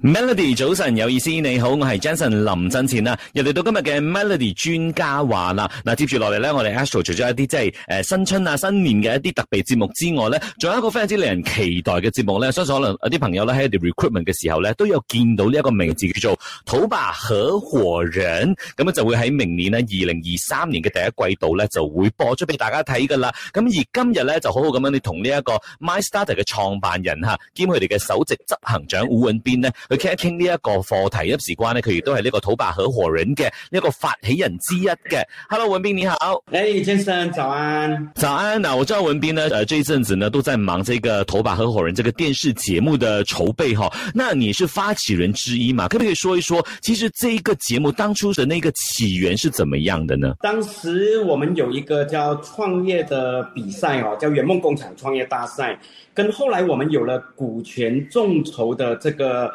Melody 早晨，有意思，你好，我係 Jensen 林振前啦。又嚟到今日嘅 Melody 專家話啦，嗱，接住落嚟咧，我哋 Astro 除咗一啲即係誒、呃、新春啊新年嘅一啲特別節目之外咧，仲有一個非常之令人期待嘅節目咧，相信可能有啲朋友咧喺啲 recruitment 嘅時候咧都有見到呢一個名字叫做土爸合伙人，咁樣就會喺明年咧二零二三年嘅第一季度咧就會播出俾大家睇噶啦。咁而今日咧就好好咁樣你同呢一個 MyStartr 嘅創辦人吓、啊、兼佢哋嘅首席執行長吳文彬咧。佢傾一傾呢一個課題，一時關呢可以都是那個頭把合伙人的那、這個發起人之一的 Hello，文彬你好，誒，hey, 先生早安，早安啊！我知道文彬呢，呃，這一陣子呢，都在忙這個頭把合伙人這個電視節目的籌備哈、哦。那你是發起人之一嘛？可不可以說一說，其實這一個節目當初的那個起源是怎麼樣的呢？當時我們有一個叫創業的比賽，哦，叫圓夢工廠創業大賽，跟後來我們有了股權眾籌的這個。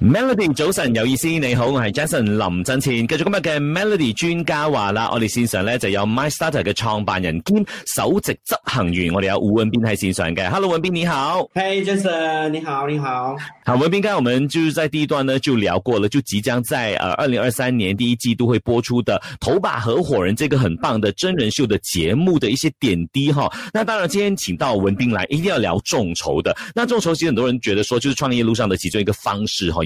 Melody 早晨有意思，你好，我是 Jason 林振倩。繼續今日嘅 Melody 專家話啦，我哋線上咧就有 MyStartr 嘅創辦人兼首席執行員，我哋有吳文彬喺線上嘅。Hello 文彬你好，Hey Jason 你好你好。好文彬，今日我們就是在第一段呢就聊過了，就即將在呃二零二三年第一季度會播出的《頭把合伙人》這個很棒的真人秀的節目的一些點滴哈，哦。那當然，今天請到文彬來，一定要聊眾籌的。那眾籌其實很多人覺得說，就是創業路上的其中一個方式哈。哦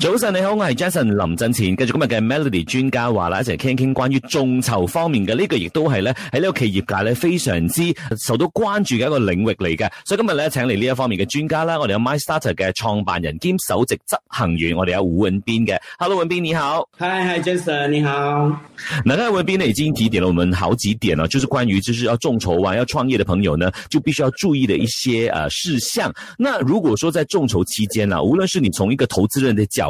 早晨，你好，我係 Jason 林振前，繼續今日嘅 Melody 專家話啦，一齊傾傾關於眾籌方面嘅呢個，亦都係咧喺呢個企業界咧非常之受到關注嘅一個領域嚟嘅。所以今日咧，請嚟呢一方面嘅專家啦，我哋有 MyStartr 嘅創辦人兼首席執行員，我哋有吳文彬嘅。Hello，文彬你好。Hi，Hi，Jason 你好。那阿文彬呢已經提幾點了我們好幾點啦，就是關於，就是要眾籌啊，要創業嘅朋友呢，就必須要注意的一些誒、呃、事項。那如果說在眾籌期間啦，無論是你從一個投資人嘅角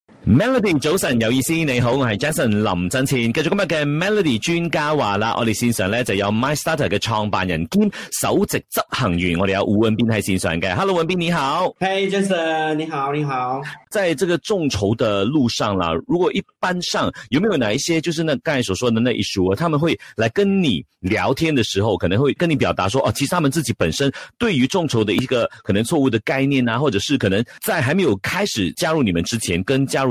Melody 早晨有意思，你好，我是 Jason 林振倩。繼續今日嘅 Melody 專家話啦，我哋線上咧就有 MyStartr 嘅創辦人兼首席執行員，我哋有吳文彬喺線上嘅。Hello 文彬你好，Hey Jason 你好你好。在這個眾籌的路上啦，如果一般上有沒有哪一些，就是那剛才所說的那一說、啊、他們會來跟你聊天的時候，可能會跟你表達說，哦，其實他們自己本身對於眾籌的一個可能錯誤的概念啊，或者是可能在還沒有開始加入你們之前，跟加入